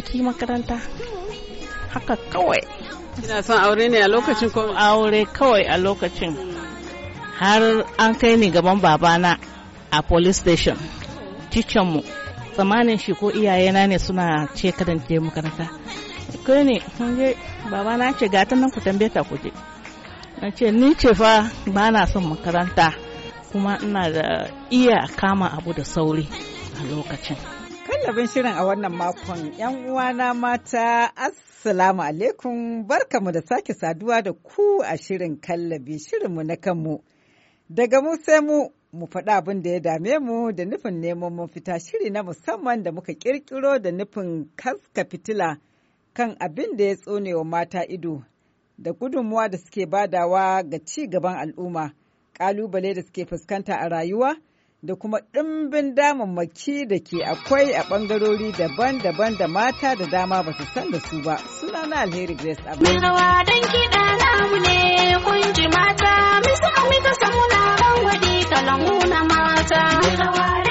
ki makaranta haka kawai kina son aure ne a lokacin ko aure kawai a lokacin har an kai ni gaban babana a police station mu tsamanin shi ko iyayena ne suna ce kadan je makaranta kai ne kun je babana ce gata nan ku tambaye ta ku je na ce ni ce fa ba na son makaranta kuma ina da iya kama abu da sauri a lokacin abin shirin a wannan makon yan uwana mata assalamu alaikum barkamu da sake saduwa da ku a shirin kallabi shirinmu na kanmu daga mu sai mu mu faɗa abin da ya dame mu da nufin neman fita shiri na musamman da muka ƙirƙiro da nufin kaska fitila kan abin da ya tsone wa mata ido da gudunmuwa da suke badawa ga ci gaban al'umma ƙalubale da suke fuskanta a rayuwa da kuma ɗimbin damammaki da ke akwai a ɓangarori daban-daban da mata da dama ba su san da su ba suna na alheri grace abu rawa dan kiɗa namu ne kun ji mata misa amita samuna ran wadi kalamu na mata rawa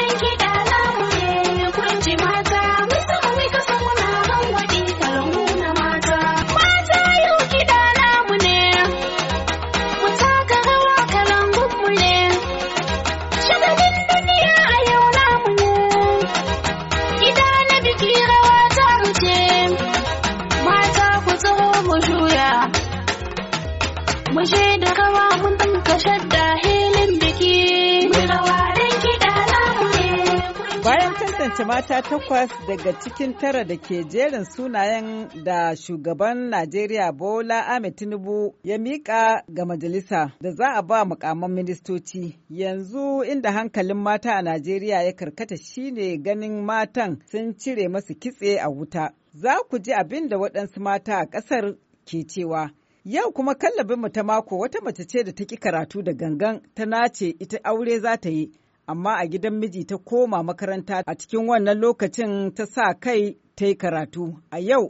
mata takwas daga cikin tara da ke jerin sunayen da shugaban Najeriya Bola Ahmed Tinubu ya miƙa ga majalisa da za a ba mukamman ministoci. Yanzu inda hankalin mata a Najeriya ya karkata shine ganin matan sun cire masu kitse a wuta. Za ku ji abin da waɗansu mata a ƙasar ke cewa. Yau kuma kallabinmu ta mako wata mace ce da ta ƙi karatu da gangan ta nace ita aure za ta yi. amma a gidan miji ta koma makaranta a cikin wannan lokacin ta sa kai ta yi karatu a yau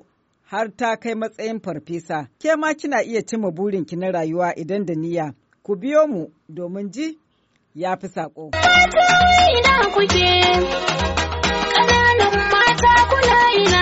har ta kai matsayin farfesa ke ma kina iya cimma burinki na rayuwa idan da niyya ku biyo mu domin ji ya fi saƙo. mata kuna ina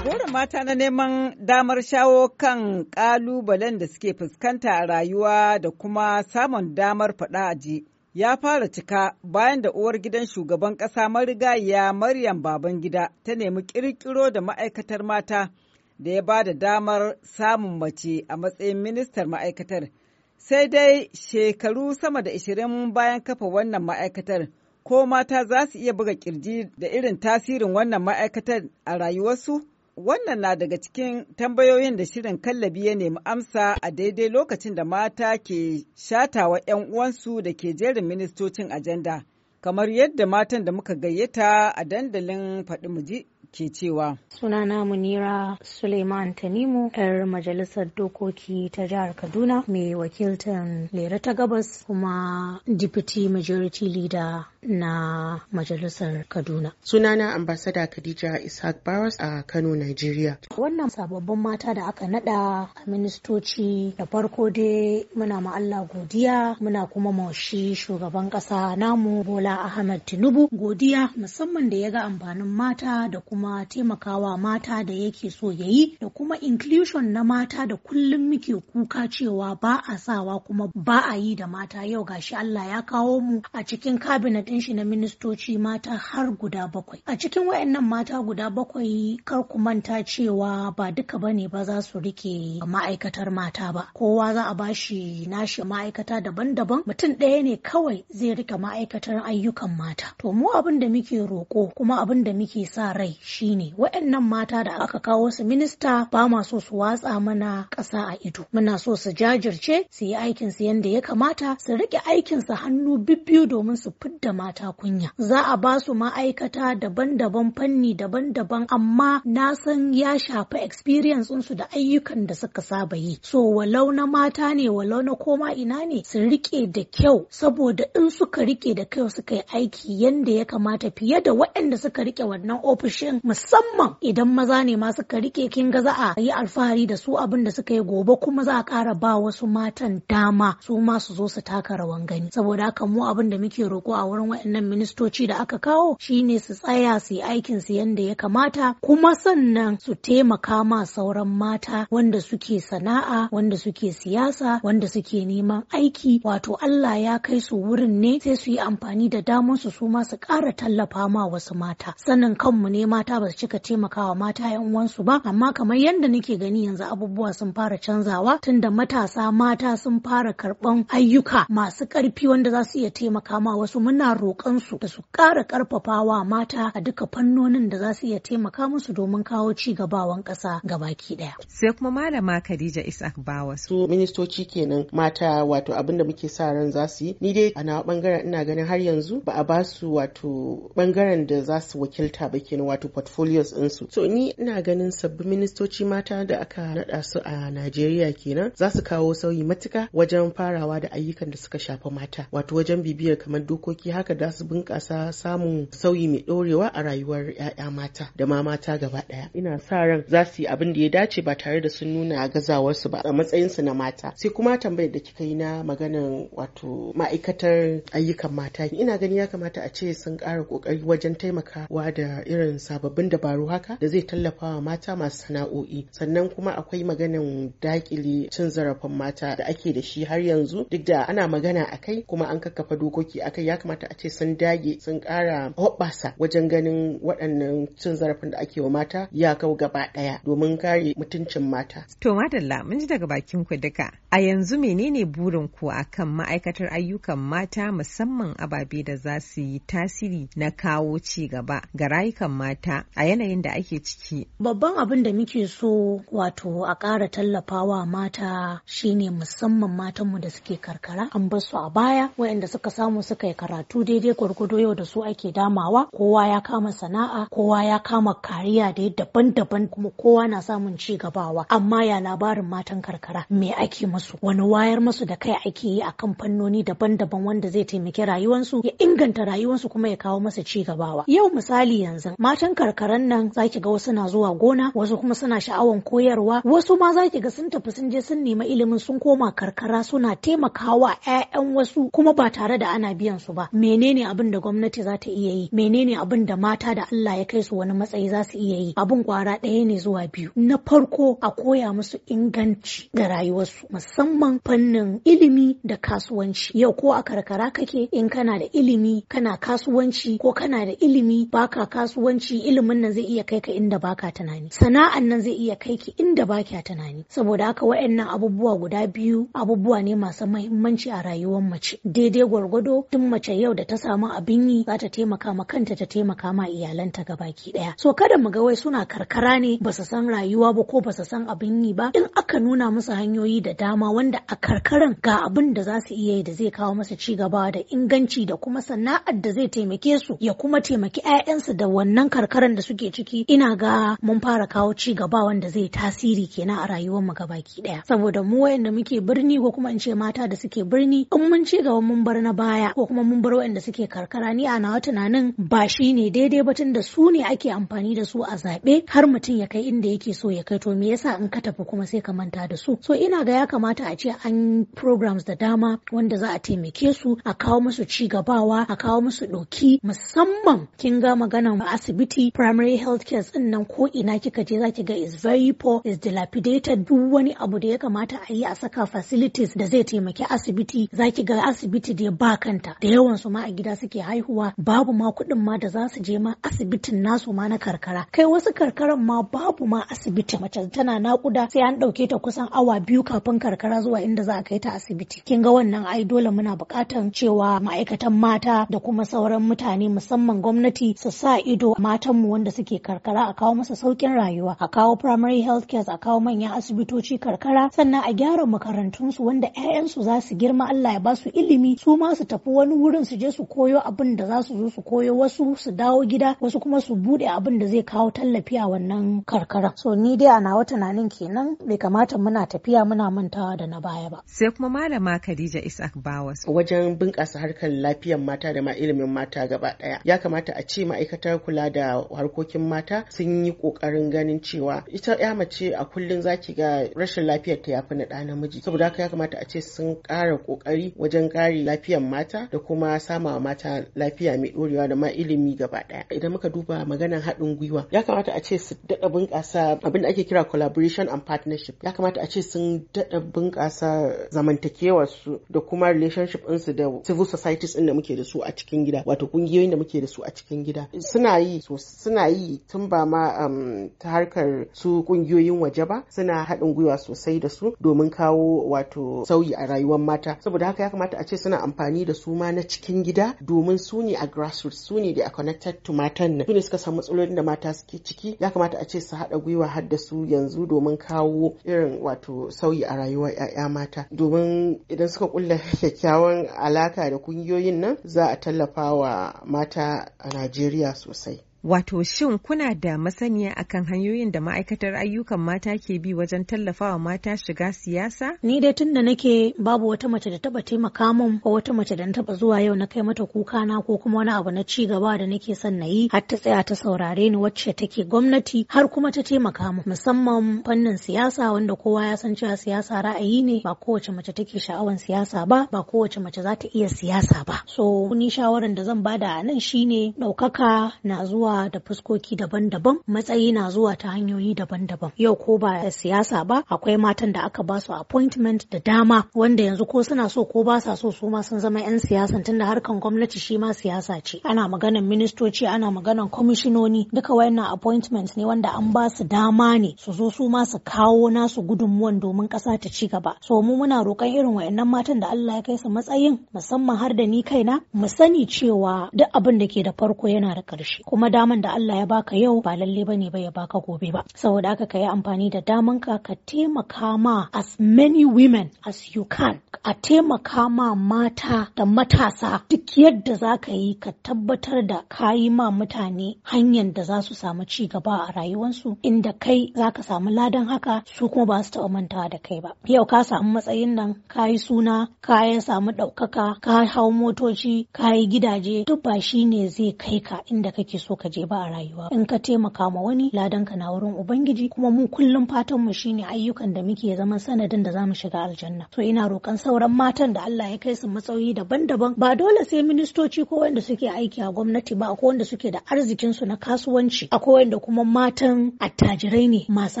Gorin mata na neman damar shawo kan kalubalen da suke fuskanta a rayuwa da kuma samun damar faɗa aji ya fara cika bayan da uwar gidan shugaban ƙasa marigayya Maryam Babangida ta nemi ƙirƙiro da ma'aikatar mata da ya ba da damar samun mace a matsayin ministar ma'aikatar. Sai dai shekaru sama da ashirin bayan kafa wannan ma'aikatar. ko mata za su iya buga kirji da irin tasirin wannan ma'aikatar a rayuwarsu? wannan na daga cikin tambayoyin da shirin kallabi ya nemi amsa a daidai lokacin da mata ke shatawa 'yan uwansu da ke jerin ministocin ajanda kamar yadda matan da muka gayyata a dandalin faɗi muji ke cewa. Sunana Munira Suleiman Tanimu, 'yar majalisar dokoki ta jihar Kaduna, mai wakiltar Lera ta Gabas kuma Deputy Majority Leader na majalisar Kaduna. Sunana ambasada Khadija Ishaq baras a Kano, Nigeria. Wannan sababbin mata da aka nada a ministoci da farko dai muna ma Allah godiya muna kuma maushi shugaban kasa namu Bola Ahmed Tinubu godiya musamman da ya ga amfanin mata da kuma kuma taimakawa mata da yake so ya yi da kuma inclusion na mata da kullum muke kuka cewa ba a sawa kuma ba a yi da mata yau gashi Allah ya kawo mu a cikin cabinet din shi na ministoci mata har guda bakwai. A cikin wayannan mata guda bakwai kar ku manta cewa ba duka bane ba za su rike ma'aikatar mata ba. Kowa za a bashi nashi ma'aikata daban-daban mutum ɗaya ne kawai zai rike ma'aikatar ayyukan mata. To mu abin da muke roƙo kuma abin da muke sa rai shine waɗannan mata da aka kawo su minista ba ma so su watsa mana ƙasa a ido muna so su jajirce su yi aikin su yanda ya kamata su riƙe aikin su hannu bibbiyu domin su fidda mata kunya za a ba su ma'aikata daban-daban fanni daban-daban amma na san ya shafi experience su da ayyukan da suka saba yi so walau na mata ne walau na koma ina ne su riƙe da kyau saboda in suka riƙe da kyau suka yi aiki yanda ya kamata fiye da waɗanda suka rike wannan ofishin musamman idan maza ne masu suka kin ga za a yi alfahari da su abin da suka yi gobe kuma za a ƙara ba wasu matan dama su ma su zo su taka rawan gani saboda haka mu abin da muke roƙo a wurin waɗannan ministoci da aka kawo shine su tsaya su yi aikin su yanda ya kamata kuma sannan su taimaka ma sauran mata wanda suke sana'a wanda suke siyasa wanda suke neman aiki wato Allah ya kai su wurin ne sai su yi amfani da damar su su ma su ƙara tallafa ma wasu mata sanin kanmu ne ma mata ba su cika taimakawa mata yan uwansu ba amma kamar yadda nake gani yanzu abubuwa sun fara canzawa tunda matasa mata sun fara karɓan ayyuka masu ƙarfi wanda za su iya taimaka ma wasu muna roƙon su da su ƙara ƙarfafawa mata a duka fannonin da za su iya taimaka musu domin kawo ci gabawan ƙasa gabaki ɗaya. Sai kuma malama Khadija Isaac Bawa su ministoci kenan mata wato abin da muke sa ran za su yi ni dai a nawa bangaren ina ganin har yanzu ba a ba su wato bangaren da za su wakilta ba kenan wato portfolios ɗinsu so ni ina ganin sabbin ministoci mata da aka naɗa su a najeriya kenan za su kawo sauyi matuka wajen farawa da ayyukan da suka shafi mata wato wajen bibiyar kamar dokoki haka za su bunƙasa samun sauyi mai ɗorewa a rayuwar 'ya'ya mata da ma mata gaba ɗaya ina sa ran za su yi abin da ya dace ba tare da sun nuna gazawarsu ba a matsayin su na mata sai kuma tambayar da kika yi na maganan wato ma'aikatar ayyukan mata ina gani ya kamata a ce sun ƙara ƙoƙari wajen taimakawa da irin sabon sababbin dabaru haka da zai tallafa wa mata masu sana'o'i sannan kuma akwai maganan dakile cin zarafin mata da ake da shi har yanzu duk da ana magana a kai kuma an kakkafa dokoki a kai ya kamata a ce sun dage sun kara hoɓɓasa wajen ganin waɗannan cin zarafin da ake wa mata ya kau gaba ɗaya domin kare mutuncin mata. To madalla mun ji daga bakin ku duka a yanzu menene burin ku akan ma'aikatar ayyukan mata musamman ababe da za su yi tasiri na kawo ci gaba ga rayukan mata ta a yanayin da ake ciki. Babban abin da muke so wato a ƙara tallafawa mata shine musamman matanmu da suke karkara an bar su a baya waɗanda suka samu suka yi karatu daidai gwargwado yau da su ake damawa kowa ya kama sana'a kowa ya kama kariya da daban-daban kuma kowa na samun ci gabawa amma ya labarin matan karkara me ake musu wani wayar musu da kai ake yi akan fannoni daban-daban wanda zai taimaki rayuwarsu ya inganta rayuwarsu kuma ya kawo masa ci gabawa yau misali yanzu matan karkaran nan zaki ga wasu na zuwa gona wasu kuma suna sha'awan koyarwa wasu ma ki ga sun tafi sun je sun nemi ilimin sun koma karkara suna taimakawa 'ya'yan wasu kuma ba tare da ana biyan su ba menene abin da gwamnati za ta iya yi menene abin da mata da Allah ya kai su wani matsayi za su iya yi abin kwara ɗaya ne zuwa biyu na farko a koya musu inganci da rayuwarsu musamman fannin ilimi da kasuwanci yau ko a karkara kake in kana da ilimi kana kasuwanci ko kana da ilimi baka kasuwanci ilimin nan zai iya kai ka inda baka tunani sana'an nan zai iya kai ki inda baka tunani saboda haka wayannan abubuwa guda biyu abubuwa ne masu mahimmanci a rayuwar mace daidai gwargwado tun mace yau da ta samu abin yi za ta taimaka ma kanta ta taimaka ma iyalanta gabaki daya so kada mu ga wai suna karkara ne ba su san rayuwa ba ko ba su san abin yi ba in aka nuna musu hanyoyi da dama wanda a karkaran ga abin da za su iya yi da zai kawo masa ci gaba da inganci da kuma sana'ar da zai taimake su ya kuma taimaki 'ya'yansu da wannan karkara shekaran da suke ciki ina ga mun fara kawo ci gaba wanda zai tasiri kenan a rayuwar mu gabaki daya saboda mu wayanda muke birni ko kuma in ce mata da suke birni in mun ci gaba mun bar na baya ko kuma mun bar wayanda suke karkara ni a nawa tunanin ba shi ne daidai ba tunda su ne ake amfani da su a zaɓe har mutum ya kai inda yake so ya kai to me yasa in ka tafi kuma sai ka manta da su so ina ga ya kamata a ce an programs da dama wanda za a taimake su a kawo musu ci gabawa a kawo musu ɗoki musamman kin ga maganan asibiti primary health care nan ko ina kika je zaki ga is very poor is dilapidated duk wani abu da ya kamata a yi a saka facilities da zai taimaki asibiti zaki ga asibiti da ba kanta da yawan su ma a gida suke haihuwa babu ma kuɗin ma da za su je ma asibitin nasu ma na karkara kai wasu karkaran ma babu ma asibiti mace tana nakuda sai an ɗauke ta kusan awa biyu kafin karkara zuwa inda za a kai ta asibiti kin ga wannan ai dole muna bukatan cewa ma'aikatan mata da kuma sauran mutane musamman gwamnati su sa ido matan mu wanda suke karkara a kawo masa sauƙin rayuwa a kawo primary health care a kawo manyan asibitoci karkara sannan a gyara makarantun su wanda 'ya'yansu za su girma Allah ya ba su ilimi su ma su tafi wani wurin su je su koyo abin da za su zo su koyo wasu su dawo gida wasu kuma su bude abin da zai kawo tallafi a wannan karkara so ni dai a nawa tunanin kenan bai kamata muna tafiya muna mantawa da na baya ba sai kuma malama Khadija Isaac Bawas wajen bunƙasa harkar lafiyar mata da ma ilimin mata gaba daya ya kamata a ce ma'aikatar kula da harkokin mata sun yi kokarin ganin cewa ita ya mace a kullum zaki ga rashin lafiyar ta yafi na ɗa namiji saboda haka ya kamata a ce sun ƙara kokari wajen kare lafiyar mata da kuma sama mata lafiya mai ɗorewa da ma ilimi gaba ɗaya idan muka duba maganar haɗin gwiwa ya kamata a ce su daɗa bunƙasa abin da ake kira collaboration and partnership ya kamata a ce sun daɗa bunƙasa zamantakewar su da kuma relationship ɗinsu da civil societies ɗin da muke da su a cikin gida wato kungiyoyin da muke da su a cikin gida suna yi sosai suna yi tun ba ma um, ta harkar su kungiyoyin waje ba suna haɗin gwiwa sosai da su domin kawo wato sauyi a rayuwar mata saboda haka ya kamata a ce suna amfani da su ma na cikin gida domin su ne a grassroots su ne da a connected to matan nan su ne suka samu matsalolin da mata suke ciki ya kamata a ce su haɗa gwiwa har da su yanzu domin kawo irin wato sauyi a rayuwar 'ya'ya mata domin idan suka kulla kyakkyawan alaka da kungiyoyin nan za a tallafa wa mata a Najeriya sosai. Wato shin kuna da masaniya akan hanyoyin da ma'aikatar ayyukan mata ke bi wajen tallafawa mata shiga siyasa? Ni dai tun da nake babu wata mace da taba taimaka min ko wata mace da na taba zuwa yau na kai mata kuka na ko kuma wani abu na ci gaba da nake son na yi har ta tsaya ta saurare ni wacce take gwamnati har kuma ta taimaka min musamman fannin siyasa wanda kowa ya san cewa siyasa ra'ayi ne ba kowace mace take sha'awan siyasa ba ba kowace mace za ta iya siyasa ba. So ni shawaran da zan bada a nan shine ɗaukaka na zuwa zuwa da fuskoki daban-daban matsayi na zuwa ta hanyoyi daban-daban yau ko ba siyasa ba akwai matan da aka ba su appointment da dama wanda yanzu ko suna so ko ba sa so su ma sun zama 'yan siyasa tunda harkan gwamnati shi ma siyasa ce ana maganan ministoci ana maganan kwamishinoni duka wayannan appointment ne wanda an ba su dama ne su zo su ma su kawo nasu gudunmuwan domin ƙasa ta ci gaba so mu muna roƙon irin wayannan matan da Allah ya kai su matsayin musamman har da ni kaina mu sani cewa duk abin da ke da farko yana da ƙarshe kuma da daman da Allah ya baka yau ba lalle bane ba ya baka gobe ba saboda haka ka yi amfani da daman ka ka taimaka ma as many women as you can a taimaka ma mata da matasa duk yadda za ka yi ka tabbatar da ka yi ma mutane hanyar da za su samu ci gaba a rayuwarsu inda kai za ka samu ladan haka su kuma ba su taɓa mantawa da kai ba yau ka samu matsayin nan ka yi suna ka ya samu ɗaukaka ka hau motoci ka yi gidaje duk ba shi ne zai kai ka inda kake so ka waje ba a rayuwa in ka taimaka ma wani ladan ka na wurin ubangiji kuma mu kullum fatan mu shine ayyukan da muke zaman sanadin da zamu shiga aljanna to ina roƙon sauran matan da Allah ya kai su matsayi daban-daban ba dole sai ministoci ko wanda suke aiki a gwamnati ba ko wanda suke da arzikin su na kasuwanci akwai wanda kuma matan attajirai ne masu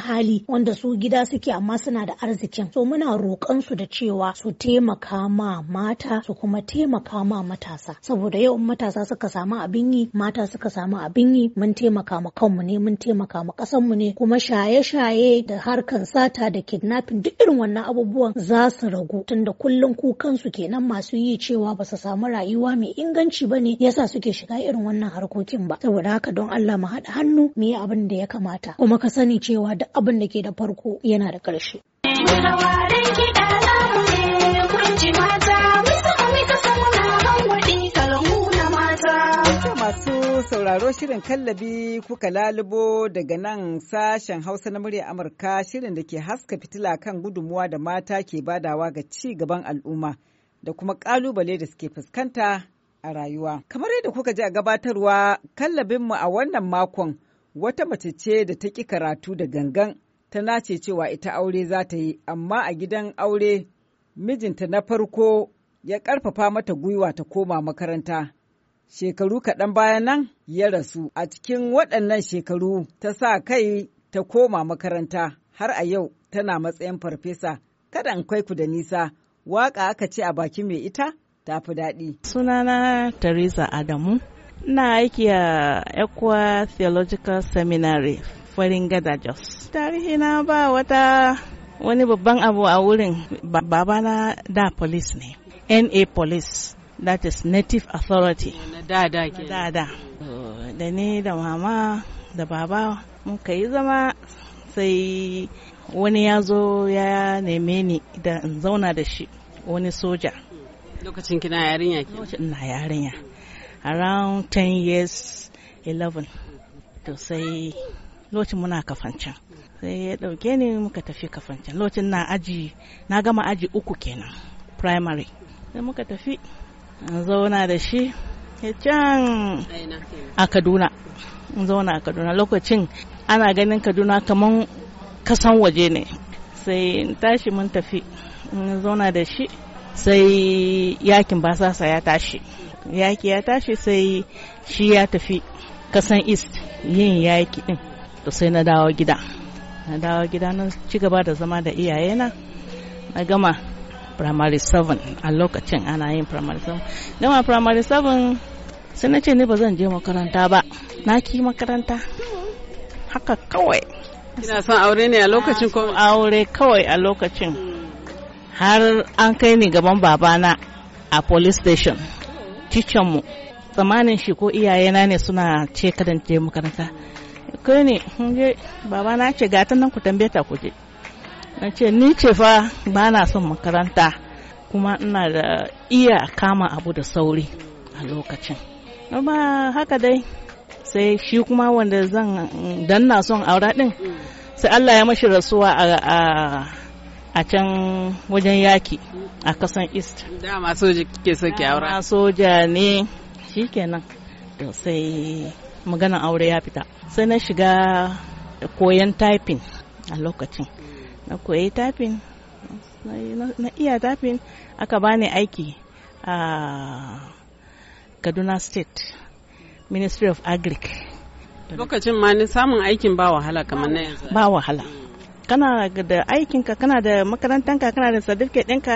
hali wanda su gida suke amma suna da arzikin so muna roƙon su da cewa su taimaka ma mata su kuma taimaka ma matasa saboda yawan matasa suka samu abin yi mata suka samu abin abin yi mun taimaka ma kanmu ne mun taimaka ma mu ne kuma shaye-shaye da harkan sata da kidnapping duk irin wannan abubuwan za su ragu tunda kullum kukansu kenan masu yi cewa ba su samu rayuwa mai inganci ba ne yasa suke shiga irin wannan harkokin ba saboda haka don Allah mu haɗa hannu mu yi abin da ya kamata kuma ka sani cewa duk abin da ke da farko yana da ƙarshe. sauraro shirin kallabi kuka lalubo daga nan sashen Hausa na murya Amurka shirin da ke haska fitila kan gudunmuwa da mata ke badawa ga ci gaban al'umma da kuma kalubale da suke fuskanta a rayuwa. Kamar yadda kuka ji a gabatarwa, kallabinmu a wannan makon wata mace ce da ta ƙi karatu da gangan ta nace cewa ita aure za ta yi, amma a gidan aure mijinta na farko ya ƙarfafa mata gwiwa ta koma makaranta. shekaru kaɗan bayan nan ya rasu a cikin waɗannan shekaru ta sa kai ta koma makaranta har a yau tana matsayin farfesa kada in kwaiku ku da nisa waƙa aka ce a baki mai ita ta fi daɗi. sunana teresa adamu na aiki a Equa Theological Seminary farin gada Jos. Tarihi na ba wata wani babban abu a wurin babana da police ne, NA police. that is native authority da da ke da da oh. da ni da mama da baba muka yi zama sai wani ya zo ya neme ni da in zauna da shi wani soja lokacin kina yarinya ke lokacin na yarinya around 10 years 11 to sai lokacin muna kafancan sai ya dauke ni muka tafi kafancan lokacin na aji na gama aji uku kenan primary sai muka tafi zauna da shi ya can a kaduna in zauna a kaduna lokacin ana ganin kaduna kamar kasan waje ne sai tashi mun tafi in zauna da shi sai yakin basasa ya tashi yaki ya tashi sai shi ya tafi kasan east yin yaki din to sai na dawo gida na dawo gida na ci gaba da zama da iyayena na gama primary 7 a lokacin ana yin primary 7 dama primary 7 sai na ce ni ba zan je makaranta ba na ki makaranta haka kawai kina son aure ne a lokacin ko aure kawai a lokacin har an kai ni gaban babana a police station mu tsamanin shi ko iyayena ne suna ce kadan je makaranta kai ne babana ce gata nan ku tambaye ta ku je na ce ni ce fa ba na son makaranta kuma ina da iya kama abu da sauri a lokacin ba haka dai sai shi kuma wanda zan danna son aura din sai Allah ya mashi rasuwa a can wajen yaki a kasan east dama soja kike so ki aura soja ne shikenan to sai maganan aure ya fita sai na shiga koyan typing a lokacin na koyi tafin na iya tafin aka bani aiki a kaduna state ministry of agric lokacin ma ni samun aikin ba wahala kamar na yanzu ba wahala kana da aikinka kana da makarantanka kana da certificate ɗinka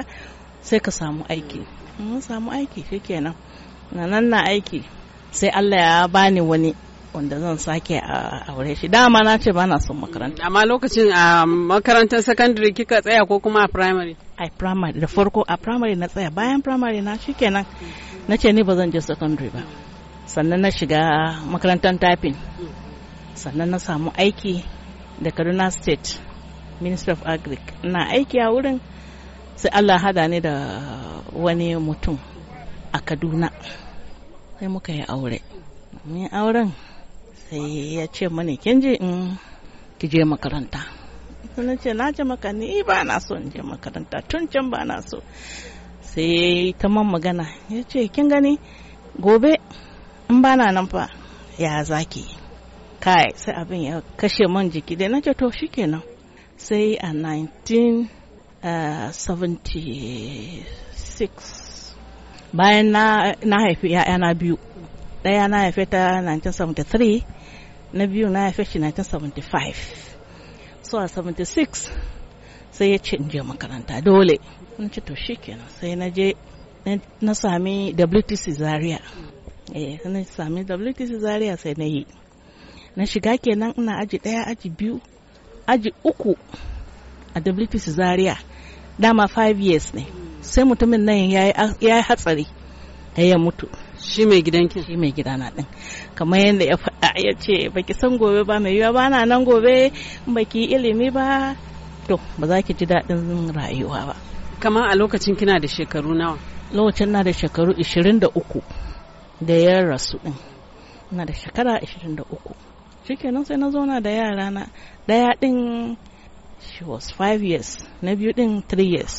sai ka samu aiki mun samu aiki shikenan na nan na aiki sai Allah ya bani wani wanda zan sake a aure shi dama na ce ba na son makaranta amma lokacin a makarantar secondary kika tsaya ko kuma a primary a primary da farko a primary na tsaya bayan primary na shikenan na ce ni ba zan je secondary ba sannan na shiga makarantar typing sannan na samu aiki da kaduna state minister of agric na aiki a wurin sai allah hada ni da wani mutum a kaduna sai muka yi aure auren sai ya ce mani kin ji in mm, ki je makaranta na ce na je maka ni ba na so in je makaranta tun can ba na so sai ta man magana ya ce kin gani gobe in ba na nan fa ya zaki kai sai abin ya kashe man jiki dai na ce to kenan sai a 1976 eh, bayan na haifi 'ya'yana biyu ɗaya na haife ta 1973 na biyu na haife shi 1975 so a 76 sai ya ce in je makaranta dole na ce to shi kenan sai na je na sami wtc zaria eh na sami wtc zaria sai na yi na shiga kenan ina aji daya aji biyu aji uku a wtc zaria dama 5 years ne sai mutumin nan ya yi hatsari ya mutu shi mai gidanki shi mai gidana din kamar yadda ya faɗa ya ce baki san gobe ba mai yiwa ba na nan gobe baki ilimi ba to ba za ki ji daɗin rayuwa ba kamar a lokacin kina da shekaru nawa lokacin na da shekaru 23 da ya rasu din na da shekara 23 shikenan sai na zauna da yara na daya din she was 5 years na biyu din 3 years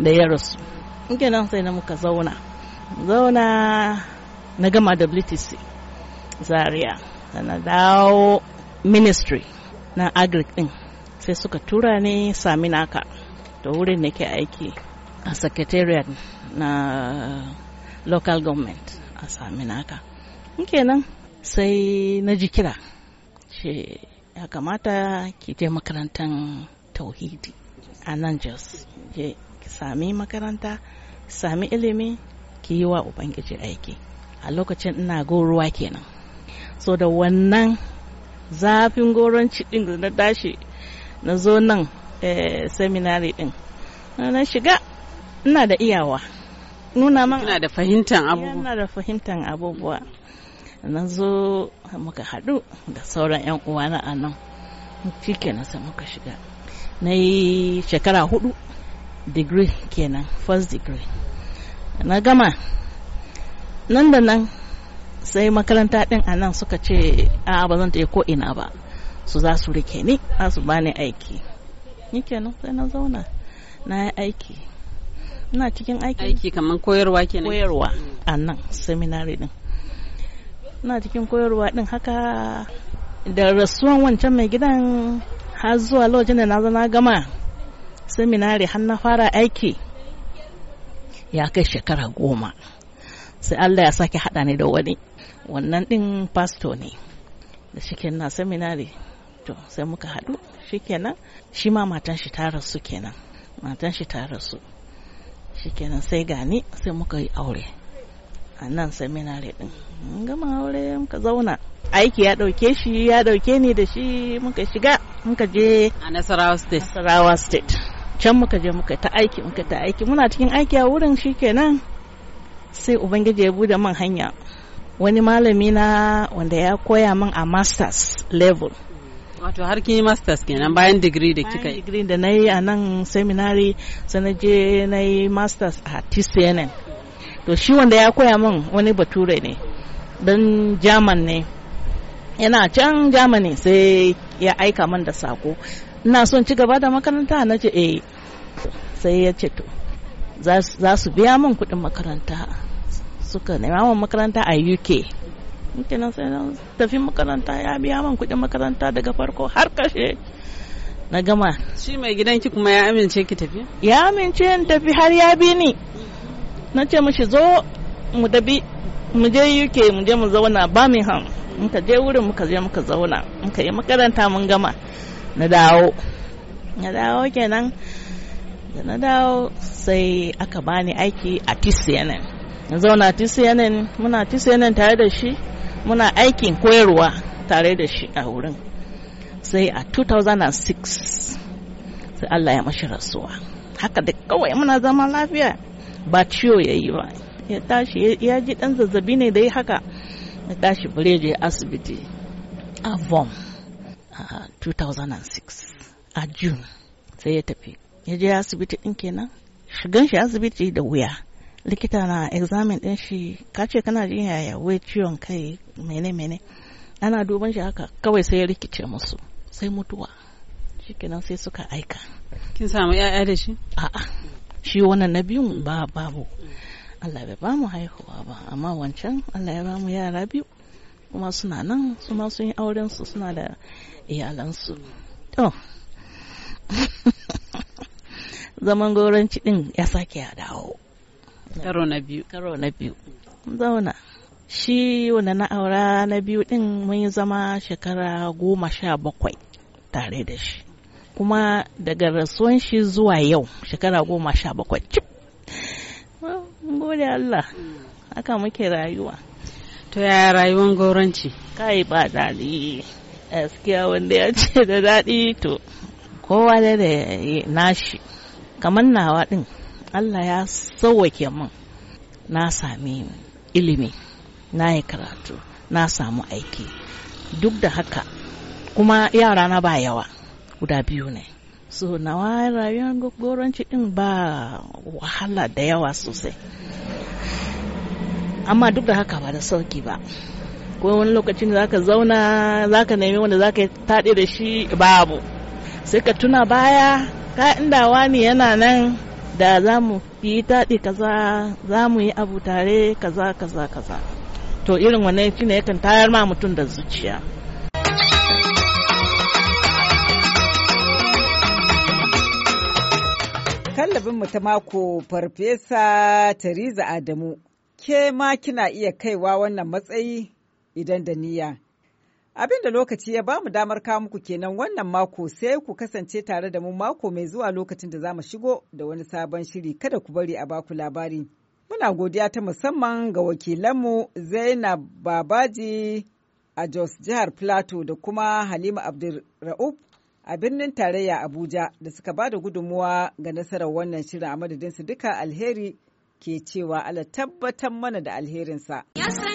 da ya rasu kenan sai na muka zauna zauna na gama WTC zaria da na dawo ministry na agric din sai suka tura ni saminaka da wurin nake aiki a secretariat na local government a saminaka kenan sai na ji kira ce ya kamata ki je makarantar tauhidi a nan jos je ki sami makaranta sami ilimi ki yi wa ubangiji aiki a lokacin ina goruwa kenan so da wannan zafin goron ciɗin da na dashi na zo nan eh, seminari din na shiga ina da iyawa nuna man ina da fahimtar abubuwa ina da fahimtar abubuwa na zo muka haɗu da sauran 'yan uwa a nan shi kenan sai muka shiga na yi shekara hudu degree kenan first degree na gama nan da nan sai makaranta ɗin a nan suka ce a ba zan ta ko ina ba su za su rike ni za su bani aiki ni kenan sai na zauna na yi aiki ina cikin aiki aiki kamar koyarwa kenan koyarwa mm. a nan seminary din ina cikin koyarwa din haka da rasuwan wancan mai gidan har zuwa lokacin da na zana gama seminary har na fara aiki ya kai shekara goma sai allah ya sake haɗa ni da wani wannan ɗin pasto ne da shike na seminari to sai muka haɗu shikenan shi ma matan shi ta rasu kenan matan shi ta rasu shikenan sai gani sai muka yi aure a nan seminari din mun gama aure muka zauna aiki ya dauke shi ya ɗauke ni da shi muka shiga muka je a nasarawa state nasarawa state can muka je muka ta aiki muka ta aiki muna cikin aiki a wurin shikenan sai ubangiji ya bude man hanya wani malami na wanda ya koya min a masters level wato har kin yi masters kenan bayan digiri da kika yi digiri da na yi a nan seminary sai na je na yi masters a tcnn to shi wanda ya koya min wani bature ne don german ne yana can germany sai ya aika min da sako ina son ci gaba da makaranta na ce eh sai ya ce to za su biya min kuɗin makaranta suka nema min makaranta a uk kenan sai na tafi makaranta ya biya min kuɗin makaranta daga farko har kashe na gama shi mai gidanki kuma ya amince ki tafi ya amince in tafi har ya bi ni na ce mishi zo mu tafi mu je uk mu je mu zauna birmingham muka je wurin muka je muka zauna muka yi makaranta mun gama na dawo na dawo kenan da na dawo sai aka bani aiki a tcnn na zauna tcnn muna tcnn tare da shi muna aikin koyarwa tare da shi a wurin sai a 2006 sai allah ya mashi rasuwa haka da kawai muna zama lafiya ba ciwo ya yi ba ya tashi ya ji dan zazzabi ne da ya haka ya tashi bireji asibiti a vom a 2006 a june sai ya tafi ya je asibiti din kenan shigan shi asibiti da wuya likita na examin din shi ka ce kana jin yaya wai ciwon kai mene mene ana duban shi haka kawai sai ya rikice musu sai mutuwa shikenan sai suka aika kin samu yaya da shi a'a shi wannan na biyun ba babu Allah bai bamu haihuwa ba amma wancan Allah ya bamu yara biyu kuma suna nan su ma sun yi auren suna da iyalansu to zaman goranci din ya sake ya dawo karo na biyu karo na biyu zauna shi wanda na aura na biyu din mun yi zama shekara goma sha bakwai tare da shi kuma daga rasuwan shi zuwa yau shekara goma sha bakwai cip gode Allah haka muke rayuwa To yaya rayuwar goranci? Kai ba daɗi. Gaskiya wanda ya ce da daɗi to kowa da da nashi. Kamar nawa ɗin Allah ya sauwake min na sami ilimi na yi karatu na samu aiki duk da haka kuma yara na ba yawa guda biyu ne so nawa rayuwar goranci ɗin ba wahala da yawa sosai amma duk da haka ba da sauki ba ko wani lokacin za ka zauna za ka nemi wanda za ka taɗe da shi babu sai ka tuna baya ka inda wani yana nan da za mu yi taɗe kaza za mu yi abu tare kaza kaza kaza to irin wannan shine yakan tayar ma mutum da zuciya kallabin mu ta mako farfesa Theresa Adamu ke ma kina iya kaiwa wannan matsayi idan da niyya. Abin da lokaci ya ba mu damar kawo muku kenan wannan mako sai ku kasance tare da mu mako mai zuwa lokacin da za mu shigo da wani sabon shiri kada ku bari a baku labari. Muna godiya ta musamman ga wakilanmu Zainab Babaji a Jos Jihar Plateau da kuma Halima Abdulra'uf a birnin tarayya Abuja da suka ba da gudunmuwa ga nasarar wannan shirin a madadinsu duka alheri. ke cewa ala tabbatar mana da alherinsa. Yes,